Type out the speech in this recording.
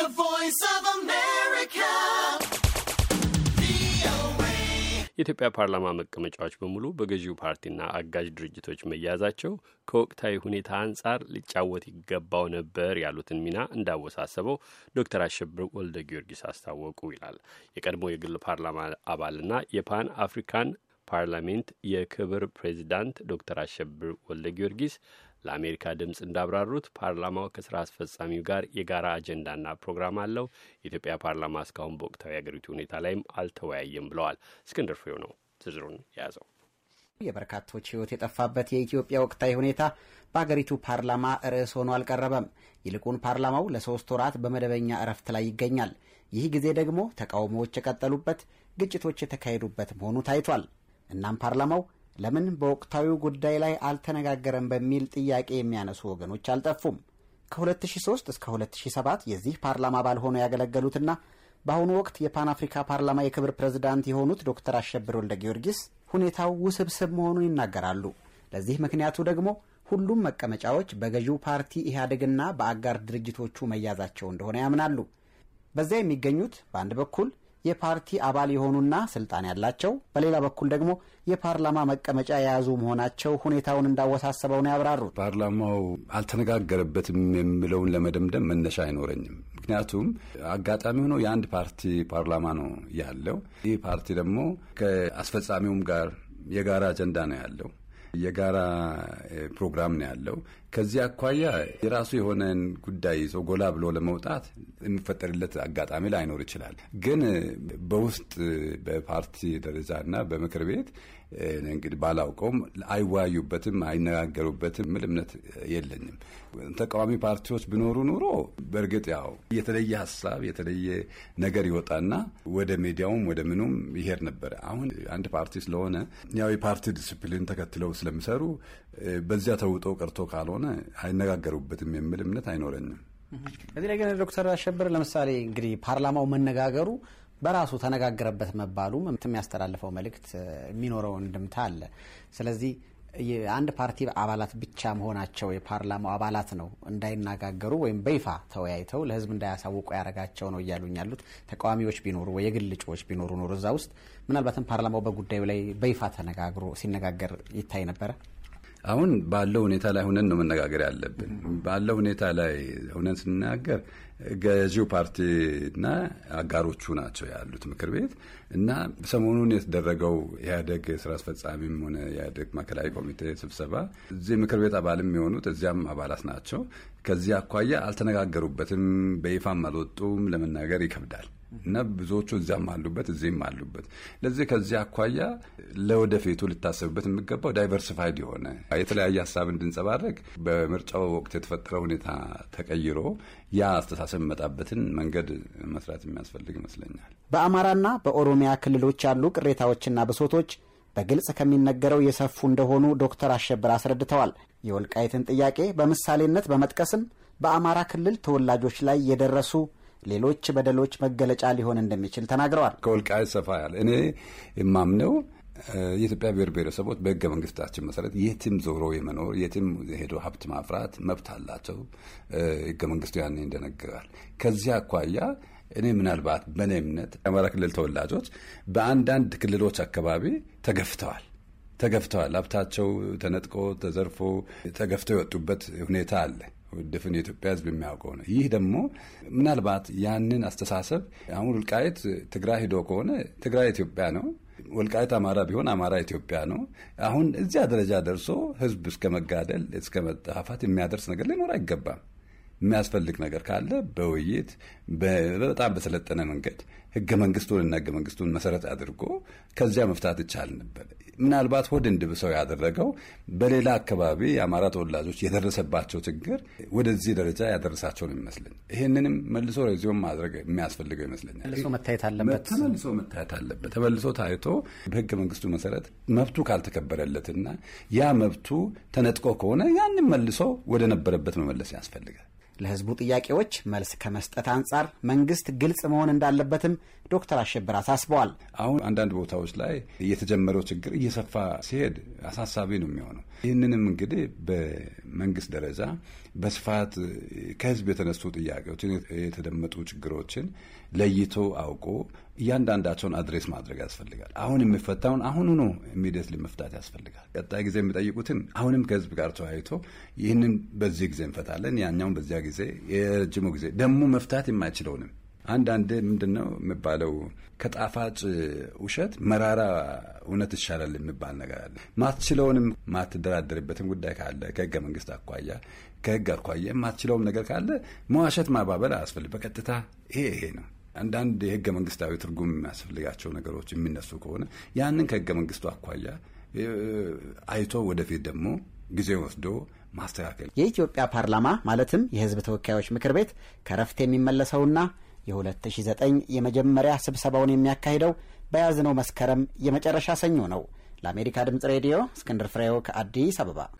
The Voice of America. የኢትዮጵያ ፓርላማ መቀመጫዎች በሙሉ በገዢው ፓርቲና አጋዥ ድርጅቶች መያዛቸው ከወቅታዊ ሁኔታ አንጻር ሊጫወት ይገባው ነበር ያሉትን ሚና እንዳወሳሰበው ዶክተር አሸብር ወልደ ጊዮርጊስ አስታወቁ ይላል የቀድሞ የግል ፓርላማ አባልና የፓን አፍሪካን ፓርላሜንት የክብር ፕሬዚዳንት ዶክተር አሸብር ወልደ ጊዮርጊስ ለአሜሪካ ድምፅ እንዳብራሩት ፓርላማው ከስራ አስፈጻሚው ጋር የጋራ አጀንዳና ፕሮግራም አለው። የኢትዮጵያ ፓርላማ እስካሁን በወቅታዊ የአገሪቱ ሁኔታ ላይም አልተወያየም ብለዋል። እስክንድር ፍሬው ነው ዝርዝሩን የያዘው። የበርካቶች ሕይወት የጠፋበት የኢትዮጵያ ወቅታዊ ሁኔታ በአገሪቱ ፓርላማ ርዕስ ሆኖ አልቀረበም። ይልቁን ፓርላማው ለሶስት ወራት በመደበኛ እረፍት ላይ ይገኛል። ይህ ጊዜ ደግሞ ተቃውሞዎች የቀጠሉበት፣ ግጭቶች የተካሄዱበት መሆኑ ታይቷል። እናም ፓርላማው ለምን በወቅታዊ ጉዳይ ላይ አልተነጋገረም በሚል ጥያቄ የሚያነሱ ወገኖች አልጠፉም። ከ2003 እስከ 2007 የዚህ ፓርላማ አባል ሆነው ያገለገሉትና በአሁኑ ወቅት የፓን አፍሪካ ፓርላማ የክብር ፕሬዝዳንት የሆኑት ዶክተር አሸብር ወልደ ጊዮርጊስ ሁኔታው ውስብስብ መሆኑን ይናገራሉ። ለዚህ ምክንያቱ ደግሞ ሁሉም መቀመጫዎች በገዢው ፓርቲ ኢህአዴግና በአጋር ድርጅቶቹ መያዛቸው እንደሆነ ያምናሉ። በዚያ የሚገኙት በአንድ በኩል የፓርቲ አባል የሆኑና ስልጣን ያላቸው በሌላ በኩል ደግሞ የፓርላማ መቀመጫ የያዙ መሆናቸው ሁኔታውን እንዳወሳሰበው ነው ያብራሩት። ፓርላማው አልተነጋገረበትም የሚለውን ለመደምደም መነሻ አይኖረኝም። ምክንያቱም አጋጣሚ ሆኖ የአንድ ፓርቲ ፓርላማ ነው ያለው። ይህ ፓርቲ ደግሞ ከአስፈጻሚውም ጋር የጋራ አጀንዳ ነው ያለው። የጋራ ፕሮግራም ነው ያለው። ከዚህ አኳያ የራሱ የሆነን ጉዳይ ሰው ጎላ ብሎ ለመውጣት የሚፈጠርለት አጋጣሚ ላይኖር ይችላል። ግን በውስጥ በፓርቲ ደረጃ እና በምክር ቤት እንግዲህ ባላውቀውም አይወያዩበትም፣ አይነጋገሩበትም ምል እምነት የለኝም። ተቃዋሚ ፓርቲዎች ቢኖሩ ኑሮ በእርግጥ ያው የተለየ ሀሳብ የተለየ ነገር ይወጣና ወደ ሚዲያውም ወደ ምኑም ይሄድ ነበረ። አሁን አንድ ፓርቲ ስለሆነ ያው የፓርቲ ዲስፕሊን ተከትለው ስለሚሰሩ በዚያ ተውጠው ቀርቶ ካልሆነ አይነጋገሩበትም የሚል እምነት አይኖረንም። እዚህ ላይ ግን ዶክተር አሸብር ለምሳሌ እንግዲህ ፓርላማው መነጋገሩ በራሱ ተነጋገረበት መባሉም የሚያስተላልፈው መልእክት የሚኖረው እንድምታ አለ። ስለዚህ የአንድ ፓርቲ አባላት ብቻ መሆናቸው የፓርላማው አባላት ነው እንዳይነጋገሩ ወይም በይፋ ተወያይተው ለህዝብ እንዳያሳውቁ ያደረጋቸው ነው እያሉኝ ያሉት ተቃዋሚዎች ቢኖሩ ወይ የግል እጩዎች ቢኖሩ ኖሩ እዛ ውስጥ ምናልባትም ፓርላማው በጉዳዩ ላይ በይፋ ተነጋግሮ ሲነጋገር ይታይ ነበረ። አሁን ባለው ሁኔታ ላይ ሁነን ነው መነጋገር ያለብን። ባለው ሁኔታ ላይ ሁነን ስንናገር ገዢው ፓርቲና አጋሮቹ ናቸው ያሉት ምክር ቤት እና ሰሞኑን የተደረገው ኢህአደግ ስራ አስፈጻሚም ሆነ ኢህአደግ ማዕከላዊ ኮሚቴ ስብሰባ እዚህ ምክር ቤት አባልም የሆኑት እዚያም አባላት ናቸው። ከዚህ አኳያ አልተነጋገሩበትም፣ በይፋም አልወጡም። ለመናገር ይከብዳል። እና ብዙዎቹ እዚያም አሉበት እዚህም አሉበት። ለዚህ ከዚህ አኳያ ለወደፊቱ ልታሰብበት የሚገባው ዳይቨርሲፋይድ የሆነ የተለያየ ሀሳብ እንድንጸባረቅ በምርጫው ወቅት የተፈጠረ ሁኔታ ተቀይሮ ያ አስተሳሰብ መጣበትን መንገድ መስራት የሚያስፈልግ ይመስለኛል። በአማራና በኦሮሚያ ክልሎች ያሉ ቅሬታዎችና ብሶቶች በግልጽ ከሚነገረው የሰፉ እንደሆኑ ዶክተር አሸብር አስረድተዋል። የወልቃይትን ጥያቄ በምሳሌነት በመጥቀስም በአማራ ክልል ተወላጆች ላይ የደረሱ ሌሎች በደሎች መገለጫ ሊሆን እንደሚችል ተናግረዋል። ከወልቃይት ሰፋ ያለ እኔ የማምነው የኢትዮጵያ ብሔር ብሔረሰቦች በህገ መንግስታችን መሰረት የትም ዞሮ የመኖር የትም ሄዶ ሀብት ማፍራት መብት አላቸው። ህገ መንግስቱ ያኔ እንደነገራል። ከዚያ አኳያ እኔ ምናልባት በእኔ እምነት የአማራ ክልል ተወላጆች በአንዳንድ ክልሎች አካባቢ ተገፍተዋል ተገፍተዋል ሀብታቸው ተነጥቆ ተዘርፎ ተገፍተው የወጡበት ሁኔታ አለ። ድፍን የኢትዮጵያ ሕዝብ የሚያውቀው ነው። ይህ ደግሞ ምናልባት ያንን አስተሳሰብ አሁን ወልቃየት ትግራይ ሂዶ ከሆነ ትግራይ ኢትዮጵያ ነው ወልቃይት አማራ ቢሆን አማራ ኢትዮጵያ ነው። አሁን እዚያ ደረጃ ደርሶ ህዝብ እስከ መጋደል እስከ መጠፋፋት የሚያደርስ ነገር ሊኖር አይገባም። የሚያስፈልግ ነገር ካለ በውይይት በጣም በሰለጠነ መንገድ ህገ መንግስቱን እና ህገ መንግስቱን መሰረት አድርጎ ከዚያ መፍታት ይቻል ነበር። ምናልባት ወደ እንድብሰው ያደረገው በሌላ አካባቢ የአማራ ተወላጆች የደረሰባቸው ችግር ወደዚህ ደረጃ ያደረሳቸው ነው ይመስለኝ። ይህንንም መልሶ ሬዚዮም ማድረግ የሚያስፈልገው ይመስለኛል። መታየት አለበት። ተመልሶ መታየት አለበት። ተመልሶ ታይቶ በህገ መንግስቱ መሰረት መብቱ ካልተከበረለትና ያ መብቱ ተነጥቆ ከሆነ ያንን መልሶ ወደ ነበረበት መመለስ ያስፈልጋል። ለህዝቡ ጥያቄዎች መልስ ከመስጠት አንጻር መንግስት ግልጽ መሆን እንዳለበትም ዶክተር አሸብር አሳስበዋል። አሁን አንዳንድ ቦታዎች ላይ የተጀመረው ችግር እየሰፋ ሲሄድ አሳሳቢ ነው የሚሆነው። ይህንንም እንግዲህ በመንግስት ደረጃ በስፋት ከህዝብ የተነሱ ጥያቄዎችን፣ የተደመጡ ችግሮችን ለይቶ አውቆ እያንዳንዳቸውን አድሬስ ማድረግ ያስፈልጋል። አሁን የሚፈታውን አሁኑ ሆኖ ኢሚዲየትሊ መፍታት ያስፈልጋል። ቀጣይ ጊዜ የሚጠይቁትን አሁንም ከህዝብ ጋር ተወያይቶ ይህንን በዚህ ጊዜ እንፈታለን፣ ያኛውን በዚያ ጊዜ የረጅሙ ጊዜ ደግሞ መፍታት የማይችለውንም አንዳንድ ምንድን ነው የሚባለው ከጣፋጭ ውሸት መራራ እውነት ይሻላል የሚባል ነገር አለ። ማትችለውንም ማትደራደርበትን ጉዳይ ካለ ከህገ መንግስት አኳያ ከህግ አኳያ የማትችለውም ነገር ካለ መዋሸት፣ ማባበል አያስፈልግ። በቀጥታ ይሄ ይሄ ነው። አንዳንድ የህገ መንግስታዊ ትርጉም የሚያስፈልጋቸው ነገሮች የሚነሱ ከሆነ ያንን ከህገ መንግስቱ አኳያ አይቶ ወደፊት ደግሞ ጊዜ ወስዶ ማስተካከል የኢትዮጵያ ፓርላማ ማለትም የህዝብ ተወካዮች ምክር ቤት ከረፍት የሚመለሰውና የ2009 የመጀመሪያ ስብሰባውን የሚያካሂደው በያዝነው መስከረም የመጨረሻ ሰኞ ነው። ለአሜሪካ ድምፅ ሬዲዮ እስክንድር ፍሬው ከአዲስ አበባ